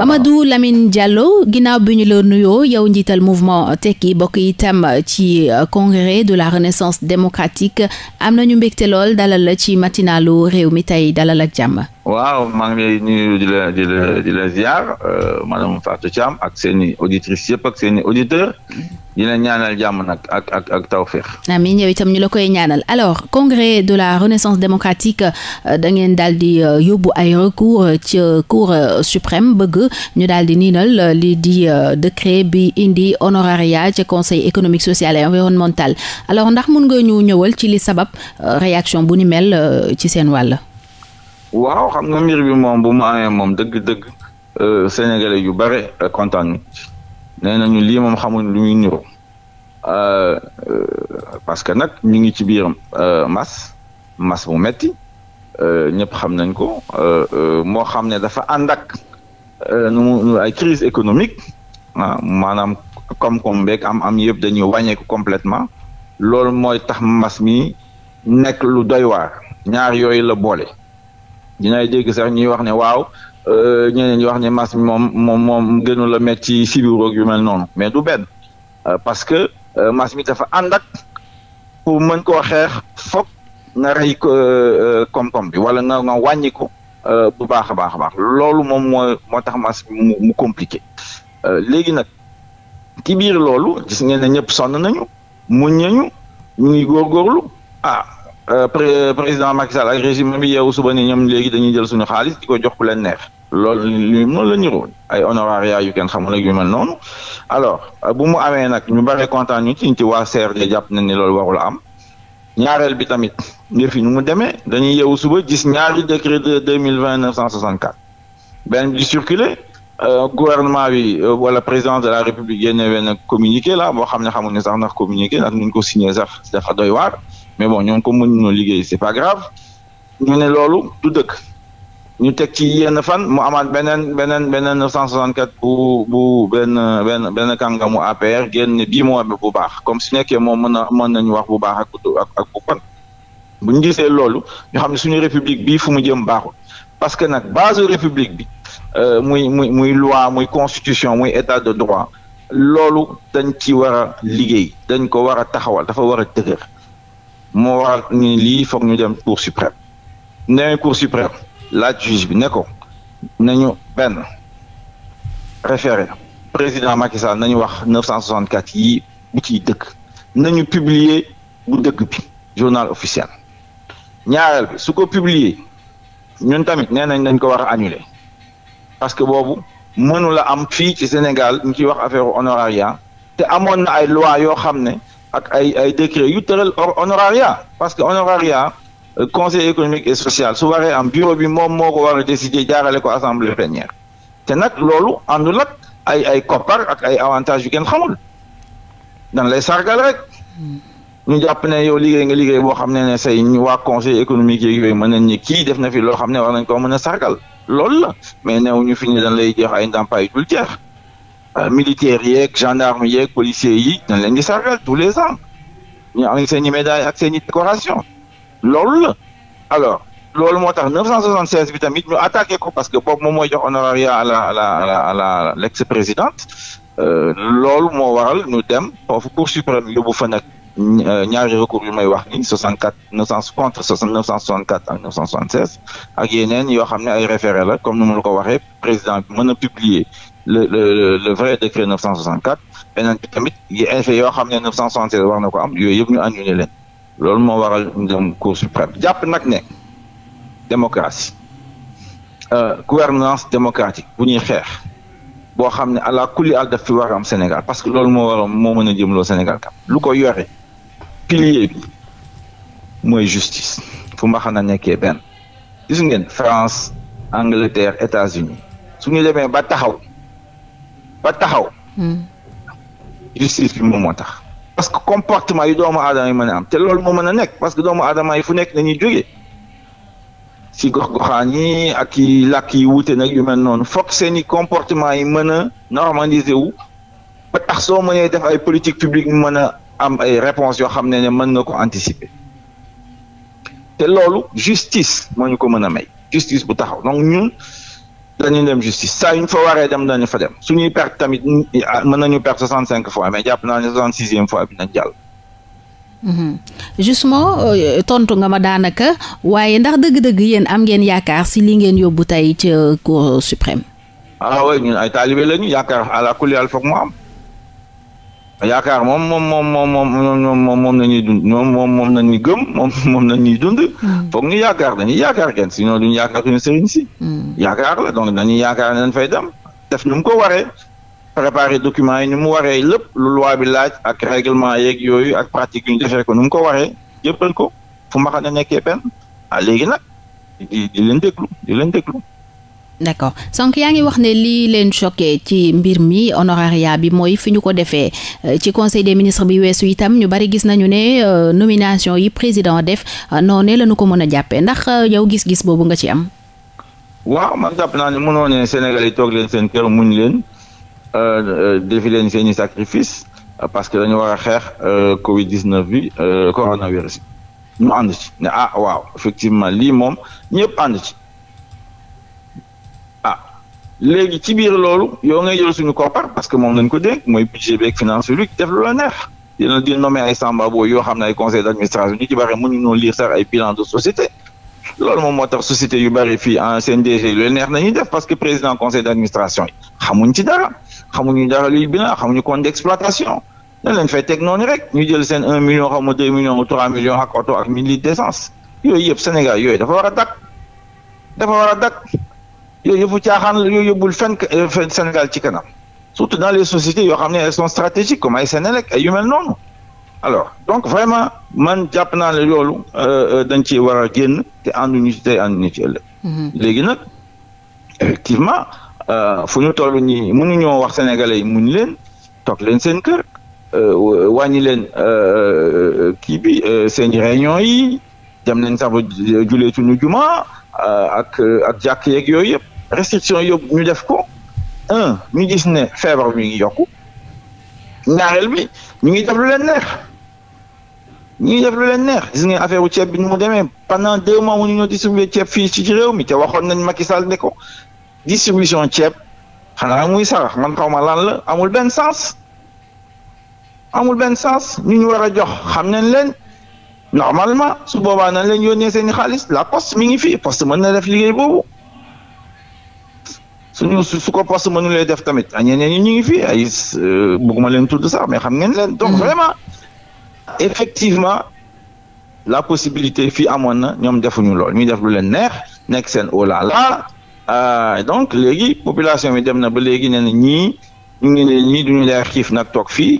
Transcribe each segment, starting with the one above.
Mamadou Lamine Diallo ginnaaw bi ñu la nuyoo yow njiital mouvement tekki bokk itam ci euh, congrès de la renaissance démocratique am nañu mbégte lool dalal la ci matinalu réew mi tey dalal ak jàmm. waaw maa ngi lay nuyu euh, ak seen yëpp ak seen auditeurs di la ñaanal ak ak ak tawféex. amiin itam ñu la koy ñaanal alors congrès de la renaissance démocratique euh, da ngeen daal di euh, yóbbu ay recours ci cour suprême bëgg ñu daal di niinal li di décret bi indi honoraria ci conseil économique social et environnemental alors ndax mun nga ñu ñëwal ci li sabab réaction bu ni mel ci seen wàll. waaw xam nga mbir bi moom bu mu moom dëgg-dëgg euh, sénégalais yu bare kontaan nee nañu lii moom xamuñ lu muy niru euh, euh, parce que nag ñu ngi ci biir mas mas bu metti ñëpp xam nañ ko moo xam ne dafa ànd ak nu mu ay crise économique ah maanaam koom-koom beeg am am yëpp dañuy wàññeeku complètement loolu mooy tax mas mi nekk lu doy waar ñaar yooyu la boole dinaay dégg sax ñuy wax ne waaw euh, ñeneen ñi wax ne mas mi moom moom moom gënu la metti si yu mel noonu mais du benn euh, parce que euh, mas mi dafa ànd ak pour mën ko xeex foog nga rey ko koom bi wala nga nga wàññi bu baax a baax a baax loolu moom moo moo tax mas mi mu compliqué léegi nag ci biir loolu gis ngeen ne ñëpp sonn nañu muñ nañu ñu ngi góorgóorlu ah Euh, président Macky Sall ak régime bi yeewu suba ni ñoom léegi dañuy jël suñu xaalis di ko jox ku leen neex loolu noonu la niroo ay honoraria yu kenn xamul ak yu mel noonu alors euh, bu mu amee nag ñu bare kontaan ñu ci ci waa CRD jàpp nañ ni loolu warul am ñaareel bi tamit yëf yi mu demee dañuy yeewu suba jis ñaari décret de mille vingt neuf cent soixante quatre benn bi circulé euh, gouvernement bi wala président de la république génne benn communiqué la boo xam ne xamuñu sax ndax communiqué ndax nuñ ko signé sax waar. mais bon ñoom comme mënuñoo liggéey c'est pas grave ñu ne loolu du dëkk ñu teg ci yenn fan mu amaat beneen beneen beneen 964 bu bu benn benn benn kàngamu APR génn bii moo amee bu baax comme su nekkee moom mën na mën nañu wax bu baax ak ak bu kon bu ñu gisee loolu ñu xam ne suñu république bii fu mu jëm baaxul parce que nag base république bi euh, muy muy muy loi muy constitution muy état de droit loolu dañ ci war a liggéey dañ ko war a taxawal dafa war a dëgër. moo waral ni lii foog ñu dem cour suprême nee cour suprême laaj juge bi ne ko nañu benn référé président Macky Sall nañu wax 964 yi bu ci dëkk nañu publier bu dëkk bi journal officiel ñaareel bi su ko publier ñun tamit nee nañ dañ ko war a annuler parce que boobu mënula am fii ci Sénégal ñu ciy wax affaire honorariat te amoon na ay loi yoo xam ne ak ay ay décret yu tëral honoraria parce que honoraria euh, conseil économique et social su waree am bureau bi moom moo ko war a décider jaarale ko assemblée plénière te nag loolu àndul ak ay ay ak ay avantages yu kenn xamul dan lay sargal rek ñu jàpp ne yow liggéey nga liggéey boo xam ne ne say ñu waa conseil économique yeeg yooyu mën nañ ni kii def na fi loo xam ne war nañ ko mën a sargal loolu la mais néew ñu fi ne dañ lay jox ay ndàmpaay dul jeex Euh, militaires yeeg gendarme yeeg policiers yi dañ leen di sargal tous les ans ñu am seen i médaille ak seen i décoration loolu la alors loolu moo tax 976 bi tamit attaqué ko parce que boobu moom mooy jox honorariat à la à la à l'ex présidente euh, loolu moo waral ñu dem foofu cour suprême yóbbu fa nag euh, ñaari recours yu may wax ni 64 900 contre 964 ak 976 ak yeneen yoo xam ne ay référé la comme ni ma la ko waxee président bi mën a publier. le le le vrai décret 964 beneen bi tamit yi effet yoo xam ne 976 war na ko am yooyu yëpp ñu annulé leen loolu moo waral ñu dem cour jàpp nag ne démocratie euh, gouvernance démocratique bu ñuy xeex boo xam ne àla kulli al def fi war am Sénégal parce que loolu moo waral moo mën a jëmloo Sénégal kam lu ko yore pilier bi mooy justice fu ma xam na benn gis ngeen France Angleterre États-Unis su ñu demee ba taxaw ba taxaw. Hmm. justice bi moom moo tax. parce que comportement yi doomu aadama yi mën a am te loolu moo mën a nekk parce que doomu aadama yi fu nekk dañuy jógee si gox-goxaan ak i lakk yi wuute nag yu mel noonu foog seen i comportement yi mën a normaliser wu ba tax soo mënee def ay politique publique mën a am ay réponse yoo xam ne ne mën na ko anticiper te loolu justice moo ñu ko mën a may justice bu taxaw donc ñun. dañu dem justice saa yu ñu fa waree dem dañu fa dem suñuy perte tamit mën nañu perte soixante cinq fois mais jàpp naa ne soixante sixième fois bi nañ jàll. Mhm. justement euh, tontu nga ma daanaka waaye ndax dëgg-dëgg yéen am ngeen yaakaar si li ngeen yóbbu tey ca cour suprême. ah oui ñun ay taalibe lañu yaakaar àla kulli haal foog mu am. yaakaar moom moom moom moom moom moom moom moom la ñuy dund moom moom moom la ñuy gëm moom moom la ñuy dund. foog ñu yaakaar dañuy yaakaar kenn sinon duñu yaakaar suñu sëriñ si. yaakaar la donc dañuy yaakaar ne dañ fay dem def nu mu ko waree préparer document yi ni mu waree lépp lu loi bi laaj ak règlement yeeg yooyu ak pratique yu ñu defee ko nu mu ko waree jéppal ko fu ma xam ne nekkee benn ah léegi nag di di leen déglu di leen déglu. d'accord sànq yaa ngi wax ne lii leen choqué ci mbir mi honorariat bi mooy fi ñu ko defee euh, ci conseil des ministres bi weesu itam ñu bari gis nañu ne euh, nomination yi président def euh, noonee la ñu ko mën a jàppee ndax yow gis-gis boobu nga ci am. waaw man jàpp naa ne mënoo ne Sénégal yi toog leen seen kër muñ leen defi leen seen i sacrifice parce que dañu war a xeex Covid 19 bi coronavirus ñu ànd ci ne ah waaw effectivement lii moom ñëpp ànd ci. léegi ci biir loolu yow ngay jël suñu koppar parce que moom lañ ko dénk mooy budget bi ak finance publique def lu la neex dina ay Samba Boy yoo xam ay conseil d' administration ñu ci bare mënuñoo lire sax ay bilan de société loolu moom moo tax société yu bëri fii en CNDG yi lu neex nañuy def parce que président conseil d' administration yi xamuñ ci dara xamuñu dara luy bilan xamuñu compte d' exploitation dañ leen fay teg noonu rek ñu jël seen un million xaw ma deux millions ou trois millions ak oto ak mille d' essence yooyu yëpp Sénégal yooyu dafa war a dakk dafa war a dakk yooyu yëfu caaxaan la yooyu yóbbul euh, fenn Sénégal ci kanam surtout dans les sociétés yoo xam ne son sont stratégiques comme ay Sénélec ay yu mel noonu alors donc vraiment man jàpp naa ne loolu euh, euh, dañ ci war a génn te ànduñu ci tey ànduñu ci ëllëg. Mm-hmm. léegi nag effectivement fu ñu toll nii mënuñoo wax sénégalais yi muñ leen toog leen seen kër wàññi leen kii bi seen réunion yi dem nañ sax ba julee suñu juma ak ak jàkk yeeg yooyu yëpp. restriction yóbbu ñu def ko un ñu gis ne feebar mi ngi yokku ñaareel bi ñu ngi def lu leen neex ñu ngi def lu leen neex gis nga affaire u ceeb bi ni mu demee pendant deux mois mënuñoo distribuer ceeb fii ci réew mi te waxoon nañ Macky Sall ne ko distribution ceeb xanaa muy sarax man xaw ma lan la amul benn sens amul benn sens ñu ñu war a jox xam nañ leen normalement su boobaa nañ leen yónnee seen i xaalis la poste mi ngi fii poste mën na def liggéey boobu suñu su ko poste mënulee def tamit a ah, ñeneen ñi ñu ngi fi ay ah, euh, bëgguma leen tudd sax mais xam ngeen leen donc mm-hmm. vraiment effectivement la possibilité fii amoon na ñoom defuñu lool ñuy def lu leen neex nekk seen la olala ah, donc léegi population bi dem na ba léegi nee na ñii ñu ngi leen ñii duñu dee xiif nag toog fii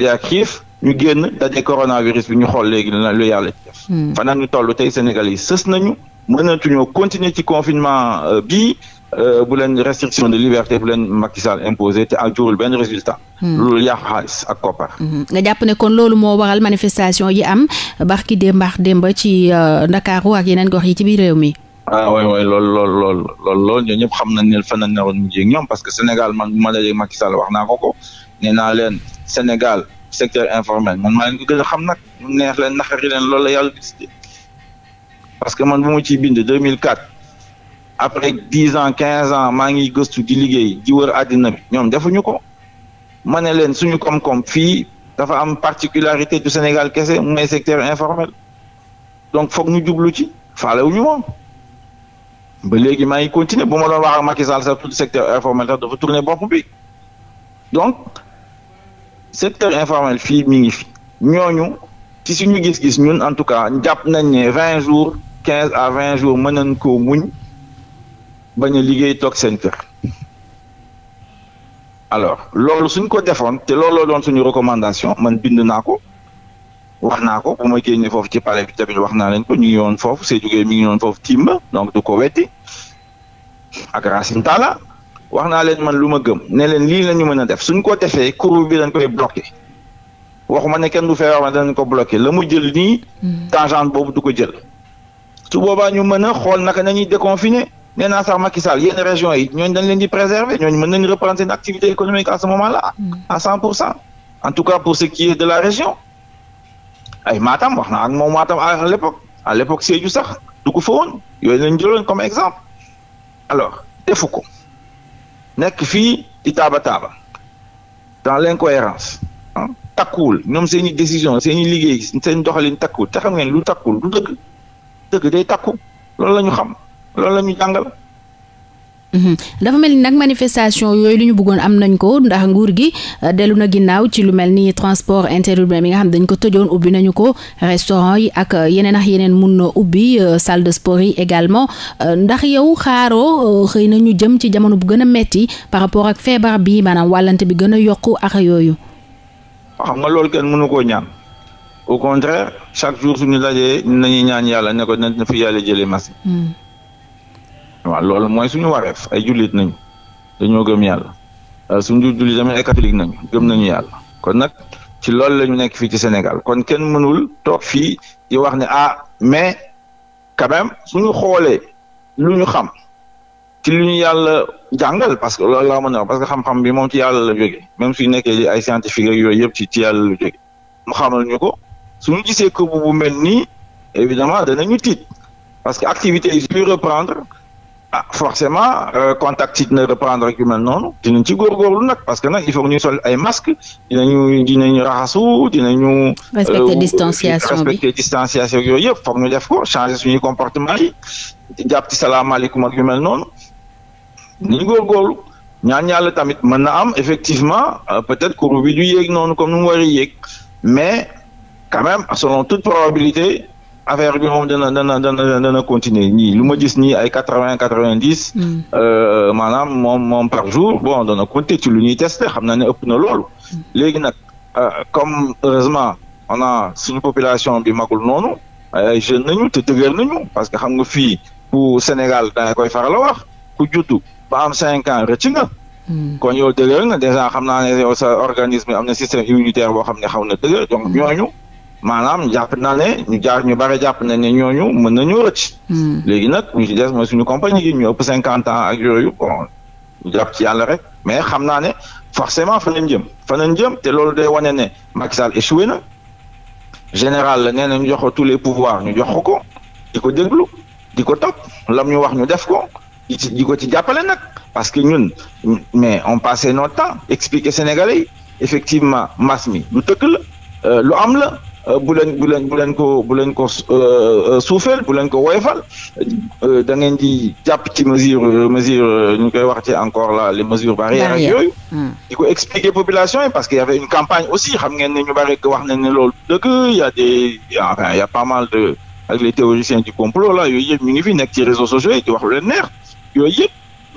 di xiif ñu génn daje coronavirus bi ñu xool léegi lu yàlla ci def. Mm. fanaan ñu toll tey Sénégal sës nañu mënatuñoo continuer ci confinement euh, bi Euh, bu leen restriction de liberté bu leen Macky Sall imposé te ak jurul benn résultat. Hmm. loolu yàqu xaalis ak koppar. Hmm. nga jàpp ne kon loolu moo waral manifestation yi am barki démb ak démb ci euh, Ndakaaru ak yeneen gox yi ci biir réew mi. ah oui oui loolu lool loolu loolu loolu xam na ne fan la ñu ñoom parce que Sénégal man ma lay Macky Sall wax naa ko ko leen Sénégal secteur informel man maa a xam nag neex leen naxari leen lool la yàlla parce que man bu mu ciy bind 2004. après dix ans quinze ans maa ngi gëstu di liggéey di wër àddina bi ñoom defuñu ko ma ne leen suñu koom-koom fii dafa am particularité du Sénégal kese mooy secteur informel donc foog ñu jublu ci faalewuñu moom ba léegi maa ngi continuer bu ma doon wax ak Macky Sall sax tout secteur informel sax dafa tourner bopp bi donc secteur informel fii mi ngi fi ñooñu ci suñu gis-gis ñun en tout cas jàpp nañ ne vingt jours quinze à vingt jours mën nañ koo muñ bañ a liggéey toog seen kër alors loolu suñ ko defoon te looloo doon suñu recommandation man bind naa ko wax naa ko bu ma génnee foofu ci palais bi tamit wax naa leen ko ñu ngi woon foofu Sédhiou Gueye mi ngi woon foofu Timba donc du ko wetti ak Racine Talla wax naa leen man lu ma gëm ne leen lii la ñu mën a def suñ ko defee courbe bi dañ koy bloqué waxuma ne kenn du feebar ma dañ ko bloqué la mu jël nii. Hmm. tangente boobu du ko jël. su boobaa ñu mën a xool naka nañuy déconfiné. nee naa sax Macky Sall yenn régions yi ñooñu dañ leen di préserver ñooñu mën nañu reprendre seen activité économique à ce moment-là. Mm. à cent pour cent en tout cas pour ce qui est de la région. ay Matam wax na ak moom Matam à l'époque à l'époque Sédhiou sax du ko fa woon yooyu lañ jëloon comme exemple alors defu ko nekk fi di taaba taaba dans l'incohérence ah takkuwul ñoom seen décision seen i liggéey seen doxalin takkuwul te xam ngeen lu takkuwul du dëgg dëgg day takku loolu la ñu xam loolu la ñu jàngal. Mhm. dafa mel ni nag manifestation yooyu lu ñu bëggoon am nañ ko ndax nguur gi euh, dellu na ginnaaw ci lu mel ni transport interurbain bi nga xam dañ ko tëjoon ubbi nañu ko restaurant yi ak euh, yeneen ak yeneen mun na ubbi euh, salle de yi également ndax yow xaaroo xëy na ñu jëm ci jamono bu gën a metti par rapport ak feebar bi maanaam wàllante bi gën a yokku ak yooyu. xam nga loolu kenn mënu koo ñaan au contraire chaque jour suñu dajee nañu ñaan yàlla ne ko na fi yàlla jëlee machine. Hmm. waaw loolu mooy suñu wareef ay jullit nañu dañoo gëm yàlla suñu jullit tamit ay catholique nañu gëm nañu yàlla kon nag ci loolu la ñu nekk fii ci Sénégal kon kenn mënul toog fii di wax ne ah mais quand même suñu xoolee lu ñu xam ki lu ñu yàlla jàngal parce que lool laa mën a parce que xam-xam bi moom ci yàlla la jóge même suñu nekkee di ay scientifique ak yooyu yëpp ci ci yàlla la jóge mu xamal ñu ko suñu gisee këbu bu mel nii évidemment danañu tiit parce que activités yi suñu reprendre ah forcément euh, contact yi dina reprendre ak yu mel noonu dinañ ci góorgóorlu nag parce que nag il faut que ñu sol ay masques dinañu dinañu raxasu dinañu. Euh, respecter distanciation bi respecter distanciation yooyu yëpp foog ñu def ko changer suñuy comportement yi di jàpp ci salaamaaleykum ak yu mel noonu dinañ góorgóorlu ñaan yàlla tamit mën na am effectivement euh, peut-être courbe bi du yéeg noonu comme ni mu war a mais quand selon toute probabilité. affaire bi moom dana dana dana dana continuer ñii lu ma gis nii ay quatre vingt quatre vingt dix. Mm. Euh, maanaam moom moom par jour bon dana compter ci lu ñuy tester xam na ne ëpp na loolu. Mm. léegi nag euh, comme heureusement on a suñu population bi magul noonu ay jeunes nañu te dëgër nañu parce que xam nga fii ku Sénégal danga koy faral a wax ku juddu ba am cinq ans rëcc nga. Mm. kon yow dëgër nga déjà xam naa ne yow organisme am na système immunitaire boo xam ne xaw na dëgër donc ñooñu. maanaam jàpp na ne ñu jaar ñu bare jàpp na ne ñu mën nañu rëcc. Hmm. léegi nag ñu ci des mooy suñu compagnie yi ñu ëpp cinquante ans ak yooyu bon ñu jàpp ci yàlla rek mais xam naa ne forcément fa lañ jëm fa lañ te loolu day wane ne Macky Sall échoué na général la nee na ñu jox ko tous les pouvoirs ñu jox ko di ko déglu di ko topp lam ñu wax ñu def ko di ci di ko ci jàppale nag parce que ñun mais on passait notre temps expliquer Sénégalais yi effectivement mas mi lu tëkk la euh, lu am la. Euh, bu leen bu leen bu leen ko bu leen ko euh, euh, suufeel bu leen ko woyfal da ngeen di jàpp ci mesure mesure ñu koy wax ci encore la les mesures barrières yooyu hmm. di ko expliquer population yi parce que y une campagne aussi xam ngeen ne ñu bari ko wax nañ ne loolu dëgg y a des enfin y pas mal de ak les théoriciens du complot là yooyu yëpp ñu ngi fi nekk ci réseau sociaux yi di wax lu leen neex yooyu yëpp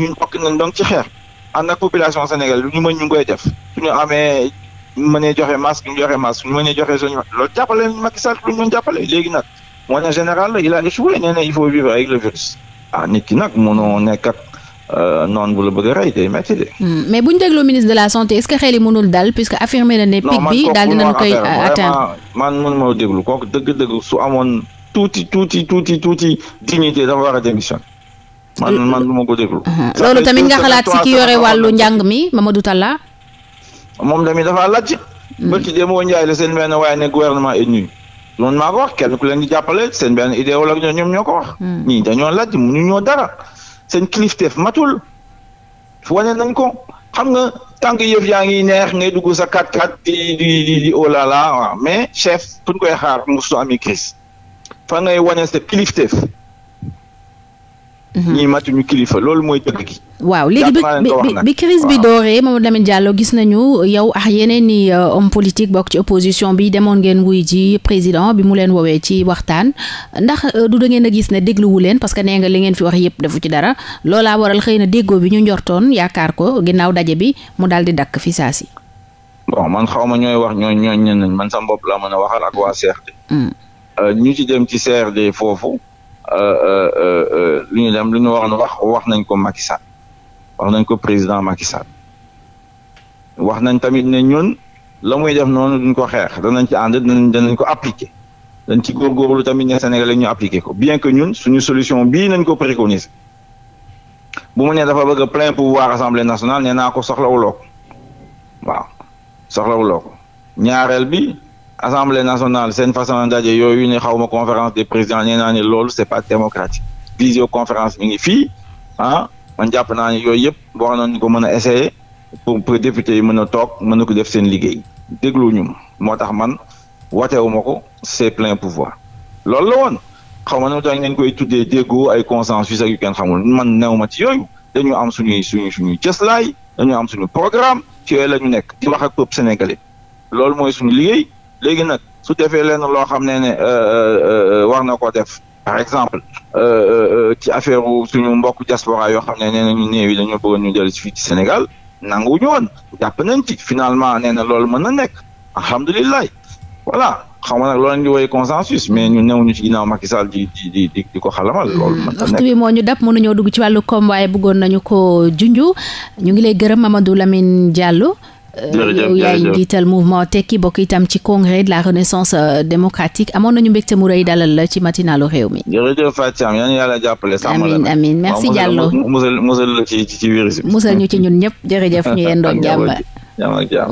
ñun bokk nañ donc ci xeer ànd ak population Sénégal lu ñu mën ñu ngi koy def suñu amee mënee joxe masque ñu joxe masque ñu mënee joxe suñu loolu jàppale ne général il a échoué nee na il faut vivre avec le virus ah, euh, bu la bëgg a rey day hmm. la santé est ce que xel yi mënul dal puisque affirmé na ne. pic bi euh, man man mënuma su amoon tuuti tuuti tuuti tuuti dignité dafa war a démission. man man du ma ko déglu. loolu tamit nga xalaat si ki yore wàllu njàng mi Mamadou Talla. moom tamit dafa laaj. ba ci démb Ndiaye la seen benn waaye ne gouvernement ennemi. loolu maa ko wax kenn ku leen di jàppale seen benn idéologue ñoom ñoo ko wax. Hmm. ñii dañoo laaj mënu ñoo dara. seen kilifteef matul. wane nañ ko xam nga tànk yëf yaa ngi neex ngay dugg sa kat kat di di di di oh mais chef buñ koy xaar mosu amee crise fa ngay wane sa kilifteef. Mhm. ñii matuñu kilifa loolu mooy dëgg gi. waaw léegi bi bi crise bi dooree Mamadou Lamine Diallo gis nañu yow ax yeneen ni euh, homme politique bokk ci opposition bi demoon ngeen wuy ji président bi mu leen woowee ci waxtaan ndax euh, du da ngeen a gis ne dégluwu leen parce que nee nga li ngeen fi wax yëpp defu ci dara loolaa waral xëy na déggoo bi ñu njortoon yaakaar ko ginnaaw daje bi mu daal di dakk fi saa si. bon man xaw ma ñooy wax ñooy ñooy ñenn man sama mën a waxal ak waa CRD. Mm. Euh, ñu ci dem ci CRD foofu. Euh, euh, euh, li ñu dem li ñu waroon wax wax nañ ko Macky Sall wax nañ ko président Macky Sall wax nañ tamit ne ñun la muy def noonu duñ ko xeex nañ ci ànd danañ nañ ko appliquer dañ ci góorgóorlu tamit ne Sénégalais ñu appliquer ko bien que ñun suñu solution bii nañ ko préconiser bu mu ne dafa bëgg a plein pouvoir assemblée nationale nee naa ko soxlawuloo waaw soxlawuloo ñaareel bi. assemblée nationale seen façon ndaje yooyu ne xaw ma conférence des présidents nee naa ne loolu c'est pas démocratique visioconférence mi ngi fii an ah, man jàpp naa ne yooyu yëpp war nañu ko mën a essayer pour pour député yi mën a toog mën a ko def seen liggéey dégluñu moo tax man wootewuma ko c'est plein pouvoir loolu la woon xaw ma nu tax ngeen koy tuddee déggoo ay consensus ak yu kenn xamul man new ma ci yooyu dañu am suñuy suñu suñu cëslaay dañu am suñu programme ci yooyu la ñu nekk di wax ak peuple sénégalais loolu mooy suñu liggéey léegi nag su defee leen loo xam ne ne euh, euh, euh, war na ko def par exemple ci affaire suñu mbokk diaspora yoo xam ne nee nañu néew yi bëggoon ñu dellu si fii ci Sénégal nanguwuñu woon jàpp nañ ci finalement nee na loolu mën na nekk alhamdulilah wala xam nga nag loolu lañ di woowee consensus mais ñu newuñu ci ginnaaw Macky Sall di di di di ko xalamal loolu mën na nekk waxtu bi moo ñu dab mënuñoo dugg ci wàllu koom waaye bëggoon nañu ko junju ñu ngi lay gërëm Mamadou Lamine Diallo. Euh, yow yaay njiital mouvement tekki bokk itam ci congrès de la renaissance euh, démocratique amoon nañu mbégte mu rëy dalal la ci matinalu réew mi. jërëjëf Fatiam yaa ñu yàlla jàppale. amiin amiin merci Diallo musal musal la ci virus musal ñu ci ñun ñëpp jërëjëf ñu yendoo jàmm. jàmm.